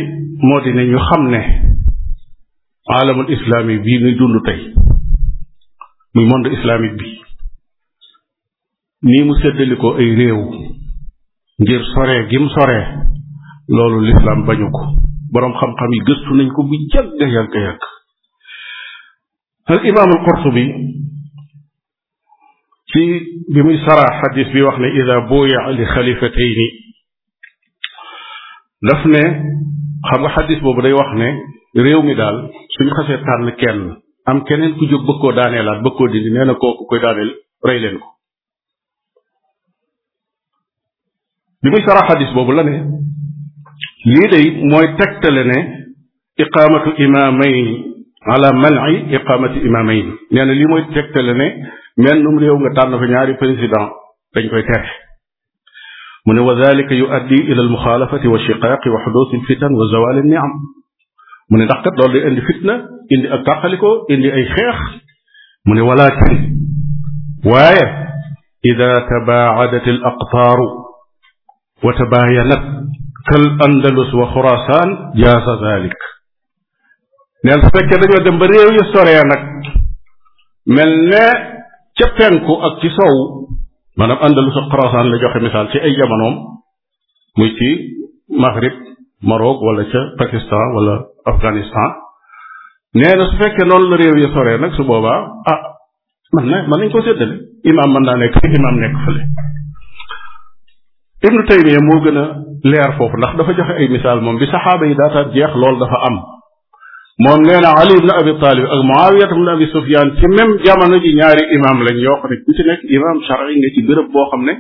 moo di ne ñu xam ne alamul islamique bii muy dund tey muy monde islamique bi nii mu séddalikoo ay réew ngir sore gim sore loolu lislaam bañu ko boroom xam-xam yi gëstu nañ ko bu yàgg yàgg yàgg al imaam al ci bi muy saraa xadis bi wax ne ida booya li xalifatayni daf ne xam nga xadis boobu day wax ne réew mi daal suñu xasee tànn kenn am keneen ku jóg bëgg koo daaneelaat bëgg dindi nee na kooku koy daaneel rey leen ko bi muy sara xadis boobu la ne lii mooy tegtale ne iqaamatu imamayni ala mani iqaamati imamayni nee na lii mooy tegtale ne mennum réew nga tànn fa ñaari président dañ koy tere mu ne wa dalika yuaddi ila almuxaalafati wa shiqaaqi wa xuduusi alfitan wa zawali niam mu ne ndax kat loolu day indi fitna indi ak tàqaliko indi ay xeex mu ne waaye ida tabaacadat al aqtaaru wa tabayanat kal andalus wa xurasaan jaasa dalik neen su fekkee dañoo dem ba réew yu soree nag mel ne ca penku ak ci sow maanaam andalus ak xurasaan la joxe misaal ci ay jamonoom muy ci maghrib Maroc wala ca Pakistan wala Afghanistan nee su fekkee noonu la réew yi soree nag su boobaa ah man na mën nañ ko séddale imaam mën naa nekk fi imaam nekk fële ibnu taymiya moo gën a leer foofu ndax dafa joxe ay misaal moom bi saxaaba yi daataan jeex lool dafa am moom nee na ali ibn abi talib ak muawiyat ibn abi sufyan ci même jamono ji ñaari imam lañ yoo xam ne ku ci nekk imam ci béréb boo xam ne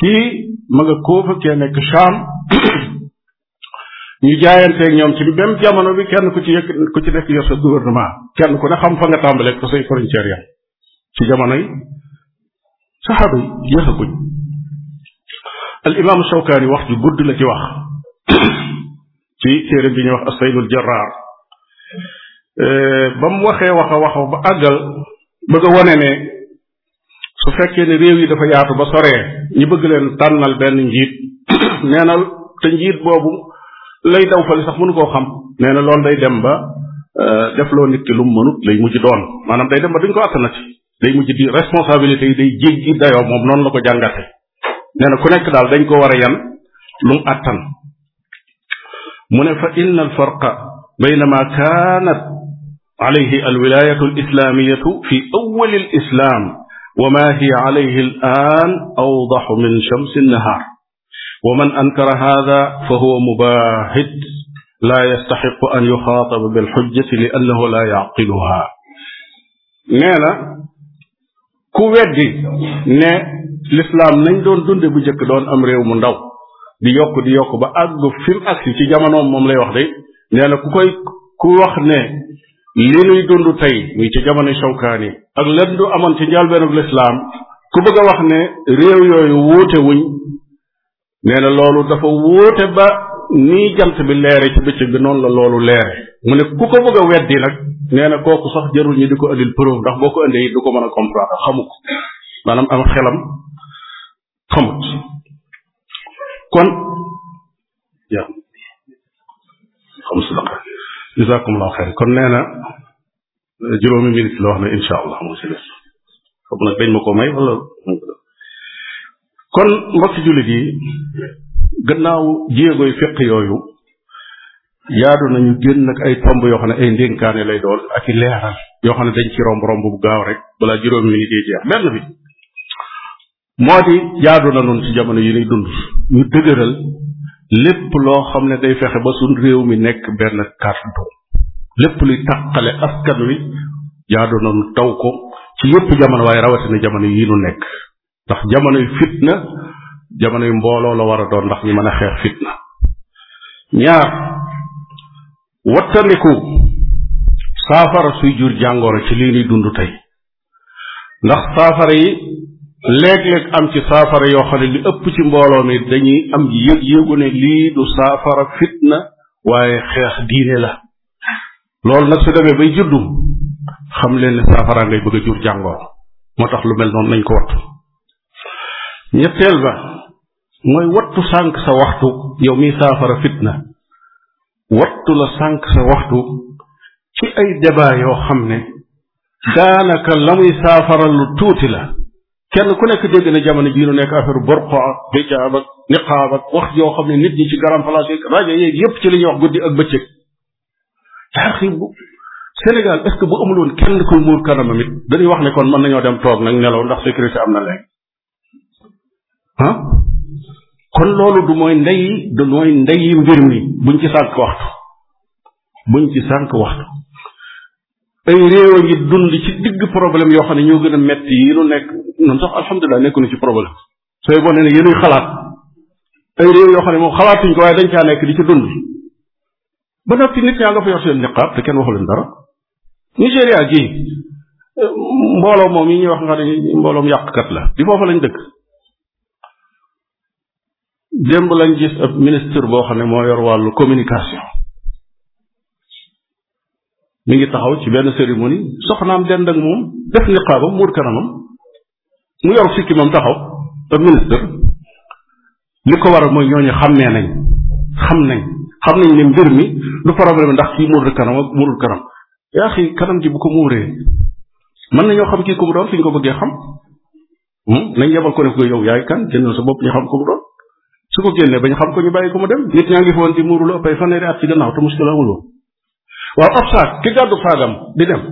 kii ma nga kóofa kee nekk cham ñu jaayanteeg ñoom ci même jamono bi kenn ku ci yëkk ku ci nekk yor sa gouvernement kenn ku ne xam fa nga tàmbalee ko say frontière ya ci jamono yi saxaaba yi yéexaguñ al imaamu Shawkaani wax ju gudd la ci wax <coughs> ci téere bi ñuy wax as-Saydul Jarraar eh, ba mu waxee waxa waxa ba àggal bëgg a wone ne su fekkee ne réew yi dafa yaatu ba soree ñi bëgg leen tànnal benn njiit <coughs> neenal te njiit boobu lay daw fale sax mënu koo xam nee na loolu day dem ba eh, def loo nit ki lu mu mënut lay mujj doon maanaam day dem ba duñ ko àttanati day mujj di responsabilité yi day jéggi dayoo moom noonu la ko jàngate nee na ku nekk daal dañ ko war a yan lu mu àttan mu ne fa inna al farqa bayna ma kaanat alayhi al wilayatu al islamiyatu fi awwali al islam wa ma hiya alayhi al an awdaxu min shams an nahar wa man ankara hada fa huwa mubahid la yastaxiqu an yuxaataba bilxujjati li annahu la yaaqiluha nee na ku weddi ne lislaam nañ doon dunde bu njëkk doon am réew mu ndaw di yokk di yokk ba àgg fi agsi ci jamonoom moom lay wax de nee na ku koy ku wax ne li nuy dund tey muy ci jamono Shawkaani ak lan du amoon ci njëlbéenu lislaam ku bëgg wax ne réew yooyu wuute wuñ nee na loolu dafa wuute ba nii jant bi leere ci bëccëg bi noonu la loolu leere mu ne ku ko bëgg a weddi nag nee na kooku sax jarul ñi di ko andil preuve ndax boo ko indee du ko mën a comprendre maanaam am xelam xamut kon yaa kon nee na eh, juróomi minute la wax ne insha allah moo si des xam nag dañ ma ko may wala kon mbokki jullit yi gannaaw jéegoy fiq yooyu yaadu nañu génn nag ay tomb yoo xam ne ay ndénkaane lay doon ak i leeral yoo xam ne dañ ci romb romb bu gaaw rek balaa juróom minute yi jeex benn bi moo di jaadu na nun ci jamono yi ñuy dund ñu dëgëral lépp loo xam ne day fexe ba suñ réew mi nekk benn kàddu lépp luy tàqale askan wi jaadu na nu taw ko ci yépp jamono waaye rawatina jamono yi nu nekk ndax jamonoy fitna jamono yu mbooloo la war a doon ndax ñu mën a xeex fitna ñaar wattandiku saafara suy jur jàngoro ci lii ñuy dund tey ndax saafara yi léeg-léeg am ci saafara yoo xam ne li ëpp ci mbooloo mi dañuy am yëg-yëgu ne lii du saafara fitna waaye xeex diine la loolu nag su demee bay juddu xam leen ne saafara ngay bëgg a jur jàngoro moo tax lu mel noonu nañ ko wattu ñetteel ba mooy wattu sànq sa waxtu yow miy saafara fitna wattu la sànk sa waxtu ci ay débat yoo xam ne daanaka la muy saafara lu tuuti la kenn ku nekk dégg na jamono jii nu nekk affaire burqa ak bijaab ak niqaab ak wax yoo xam ne nit ñi ci garam place yi rajo yeeg yépp ci li wax guddi ak bëccëg taaxi bu Sénégal est bu amuloon kenn kuy muur kanamam it dañuy wax ne kon mën nañoo dem toog nag nelaw ndax sécurité am na léegi ah kon loolu du mooy ndey du mooy ndeyi mbir mi buñ ci sànq waxtu buñ ci sànq waxtu ay réew a ngi dund ci digg problème yoo xam ne ñoo gën a metti yi nu nekk noonu sax alhamdulilah nekkuñu ci problème sooy bone ne yéenuy xalaat ay réew yoo xam ne moom xalaatuñ ko waaye dañ caa nekk di ci dund ba noppi nit ñaa nga fa yor seen niqaab te kenn waxu leen dara Nigéria gii mbooloo moom yi ñuy wax nga ne mbooloom yàqkat la di foofa lañ dëkk démb lañu gis ab ministre boo xam ne moo yor wàllu communication mi ngi taxaw ci benn cérémonie soxnaam dend ak moom def niqaabam muur kanamam mu yor sikkimam taxaw ab ministre li ko waral mooy ñooñu xàmmee nañ xam nañ xam nañ ne mbir mi du problème ndax kii muur kanam ak muurul kanam yaa xi kanam ji bu ko muuree mën ñoo xam kii ko mu doon fi ñu ko bëggee xam hmm? nañ yebal ko ne ko yow yaay kan jëndal sa bopp ñu xam ko mu doon su ko génnee bañ xam ko ñu bàyyi ko mu dem nit ñaa ngi foon di muuru lu ëppay fanweeri at ci gannaaw te muskil amul waaw ab saak ki gàddu faagam di dem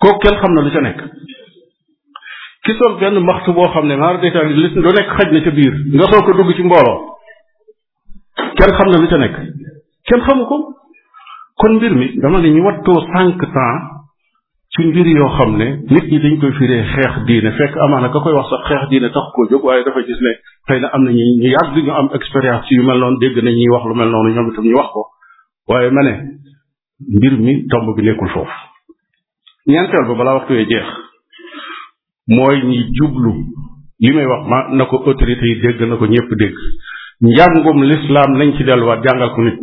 kook kenn xam na lu ca nekk ki sol benn maxtu boo xam ne maanaam daytaal li lu nekk xaj na ca biir nga soog ko dugg ci mbooloo kenn xam na lu ca nekk kenn xamu ko kon mbir mi dama ne ñu wattoo cinq temps ci mbir yoo xam ne nit ñi dañ koy firee xeex diine fekk amaana ka koy wax sax xeex diine tax koo jóg waaye dafa gis ne xëy na am na ñu ñu yàgg ñu am expérience yu mel noonu dégg na ñuy wax lu mel noonu ñoom itam ñu wax ko waaye ma ne mbir mi tomb bi nekkul foofu ñeenteel ba balaa waxtu wee jeex mooy ñi jublu li may wax ma na ko autorités yi dégg na ko ñëpp dégg njàngum lislaam nañ ci delluwaat jàngal ko nit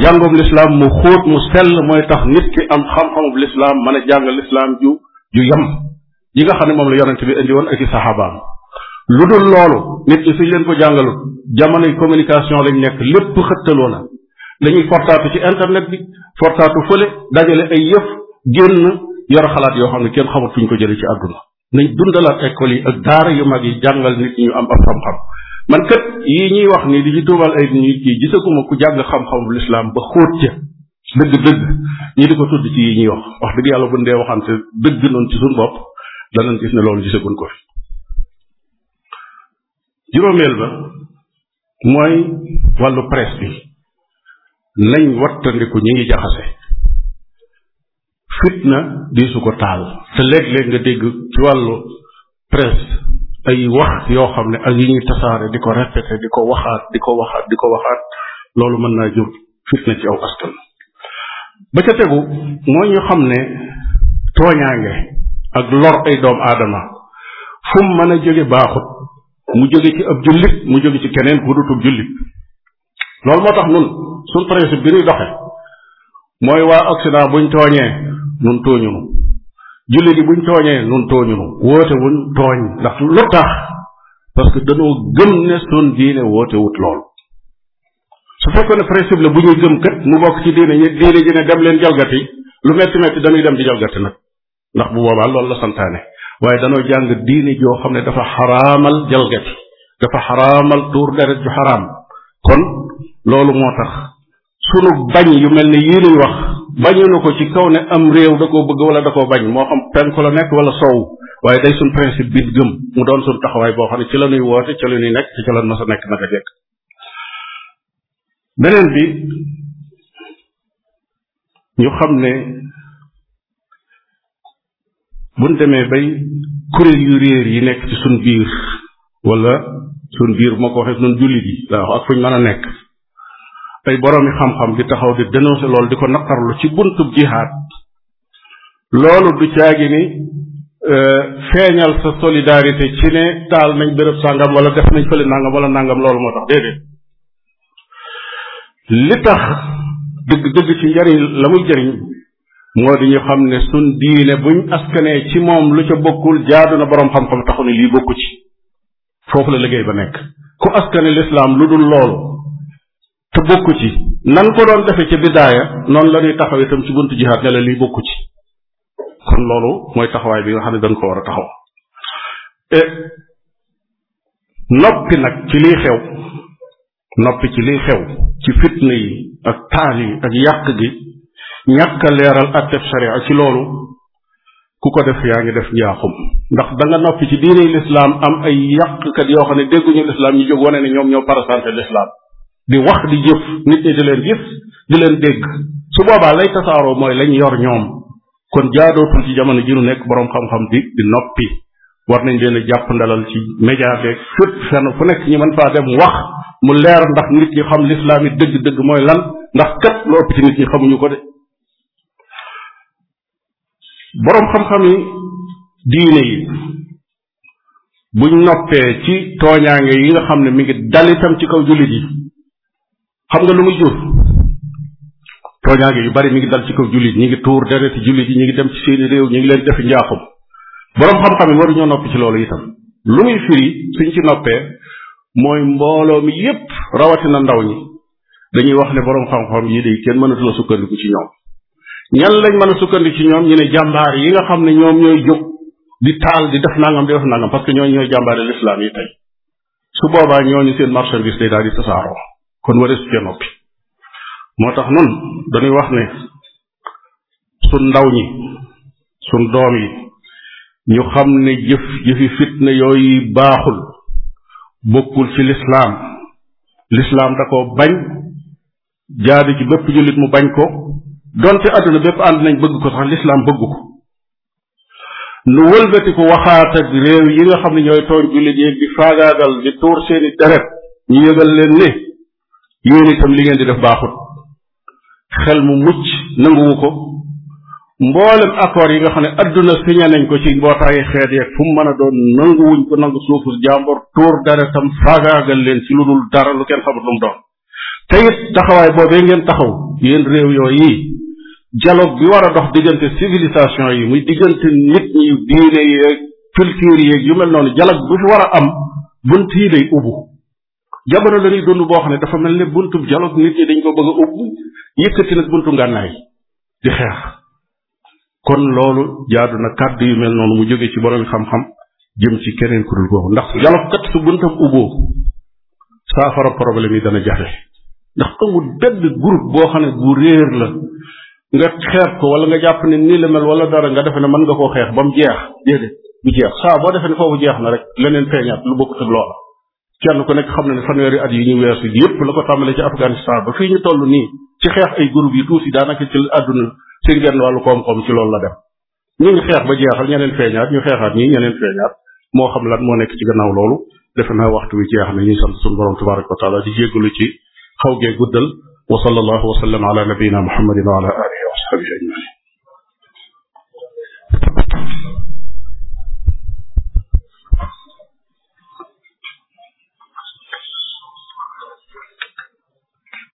njàngoom lislaam mu xóot mu sell mooy tax nit ki am xam-xamub lislaam mën a jàng lislaam ju yam yi nga xam ne moom la yonente bi indi woon ak i saxaabaam lu dul loolu nit ñi suñ leen ko jàngalut jamonoy communication lañ nekk lépp xëttaloo na lañuy fortaatu ci internet bi fortaatu fële dajale ay yëf génn yor xalaat yoo xam ne kenn xamut fuñ ko jëlee ci àdduna nañ dundalaat école yi ak daara yu mag yi jàngal nit ñu am ab xam-xam man kat yi ñuy wax ni di ci tuumal ay nit yi gisaguma ku jàng xam-xamul islam ba xóot ca dëgg-dëgg ñi di ko tudd ci yi ñuy wax wax dëgg yàlla buñ dee waxante dëgg noonu ci suñu bopp danañ gis ne loolu gisaguñ ko fi juróomeel ba mooy wàllu presse bi nañ wattandiku ñi ngi jaxase fitna di ko taal te léeg-léeg nga dégg ci wàllu presse ay wax yoo xam ne ak yi ñuy tasaare di ko répété di ko waxaat di ko waxaat di ko waxaat loolu mën naa jur fitna ci aw askan ba ca tegu mooy ñu xam ne tooñaange ak lor ay doom aadama fu mën a jóge baaxut mu jóge ci ab jullit mu jóge ci keneen ku dutub jullit loolu moo tax nun suñ principe bi ñuy doxe mooy waa Occident buñ tooñee nun tooñunu julli gi buñ tooñee nun tooñunu woote wuñ tooñ ndax lu tax parce que dañoo gëm ne sun diine woote wut lool su fekkoon ne principe la bu ñuy gëm kat mu bokk ci diine ñi diine ji ne dem leen jalgati lu metti metti dañuy dem di jalgati nag ndax bu boobaa loolu la santaane waaye danoo jàng diine joo xam ne dafa xaraamal jalgati dafa xaraamal tuur deret ju xaram kon loolu moo tax sunu bañ yu mel ne yii nuy wax bañu ko ci kaw ne am réew da koo bëgg wala da koo bañ moo xam penku la nekk wala sow waaye day suñ principe bi gëm mu doon suñ taxawaay boo xam ne ci la ñuy woote ci la ñuy nekk ci nekk naka jekk beneen bi xam ne buñ demee bay kuréel yi nekk ci suñ biir wala suñ biir moo ko waxee suñ jullit yi daa wax ak fuñ mën a nekk ay boroomi xam-xam di taxaw di dénoncer loolu di ko naqarlu ci buntub jihaad loolu du caagi ni euh, feeñal sa solidarité ci ne taal nañ béréb sàngam wala def nañ fële nangam wala nangam loolu moo tax déedéet li tax dëgg dëgg ci njariñ la muy jariñ moo di ñu xam ne suñ diine buñ askanee ci moom lu ca bokkul jaadu na boroom xam-xam taxu ne lii bokku ci foofu la liggéey ba nekk ku askane lislaam lu dul loolu te bokku ci nan ko doon defe ca bidaaya noonu la ñuy taxaw itam ci buntu jihaad ne la lii ci kon loolu mooy taxawaay bi nga xam ne dañ ko war a taxaw e, noppi nag ci liy xew noppi ci liy xew ci fitna yi ak taal yi ak yàq gi ñàkk a leeral atteb sharia ci loolu ku ko def yaa ngi def njaaxum ndax da nga noppi ci diine lislaam am ay yàqkat yoo xam ne dégguñu lislaam ñu jóg wane ne ñoom ñoo parasante lislaam di wax di jëf nit ñi di leen gis di leen dégg su boobaa lay tasaaroo mooy lañ yor ñoom kon jaadootul ci jamono ji nu nekk boroom xam-xam di di noppi war nañ leen a jàpp ndalal ci média beeg fu nekk ñu mën faa dem wax mu leer ndax nit ñi xam lislaam yi dëgg-dëgg mooy lan ndax kat lu ëpp ci nit ñi xamuñu ko de boroom xam-xam yi diine yi buñ noppee ci tooñaange yi nga xam ne mi ngi dal itam ci kaw jullit yi xam nga lu muy jur tooñaange yu bari mi ngi dal ci kaw jullit ñi ngi tuur deret ci jullit yi dem ci seeni réew ñi ngi leen def njaaxum boroom xam-xam yi waruñoo noppi ci loolu itam lu muy firi ñu ci noppee mooy mbooloo mi yépp rawatina ndaw ñi dañuy wax ne boroom xam-xam yi day kenn mënatu la sukkandiku ci ñoom ñan lañ mën a sukkandiku ci ñoom ñu ne jàmbaar yi nga xam ne ñoom ñooy jóg di taal di def nangam di def nangam parce que ñooñu ñooy jàmbaare lislaam yi tey su boobaa ñooñu seen marchandise day kon wareesu cee noppi moo tax nun dañuy wax ne sun ndaw ñi sun doom yi ñu xam ne jëf jëfi fitna yooyu baaxul bokkul ci lislaam lislaam da ko bañ jaadu ci bépp jullit mu bañ ko donte àdduna bépp ànd nañ bëgg ko sax lislaam bëgg ko nu wëlbati ko waxaat ak réew yi nga xam ne ñooy tooñ jullit yi di faagaagal di tuur seeni deret ñu yëgal leen ne yéen itam li ngeen di def baaxut xel mu mucc nanguwu ko mboolem accord yi nga xam ne adduna fi nañ ko ci mbootaayu xeet yeeg fu mu mën a doon nanguwuñ ko nangu suufu jàmbor tuur deretam faagaagal leen ci lu dul dara lu kenn xamut lu mu doon te it taxawaay boobee ngeen taxaw yéen réew yooyu dialogue bi war a dox diggante civilisation yi muy diggante nit ñi diine yeeg culture yeeg yu mel noonu dialogue bu fi war a am bunt yi day jamono la ñuy dund boo xam ne dafa mel ne buntu dialogue nit ñi dañ ko bëgg a yëkkati nag buntu ngànnaay di xeex kon loolu jaadu na kàddu yu mel noonu mu jóge ci borom xam-xam jëm ci keneen ku dul ndax dialogue kat su buntam ubboo saafara problème yi dana jafe boo xam ne bu réer la nga xeeb ko wala nga jàpp ne nii la mel wala dara nga defe ne mën nga koo xeex ba mu jeex déedéet du jeex saa boo defee ne foofu jeex na rek leneen feeñaat lu bokkut ak loola kenn ku nekk xam na ne fanweeri at yi ñu weesu yépp la ko tàmbalee ci Afghanistan ba fii ñu toll nii ci xeex ay groupe yi tuuti daanaka ci àdduna seen genn wàllu koom-koom ci loolu la dem ñu ngi xeex ba jeexal ñeneen feeñaat ñu xeexaat nii ñeneen feeñaat moo xam lan moo nekk ci gannaaw loolu defe naa waxtu wi jeex na ñuy sant suñu borom tabaraka wa taala ci jéggalu ci xaw gee guddal wa sallallahu wa sallam ala nabiyina muhammadin wa ala alihi wa sahbihi ajmain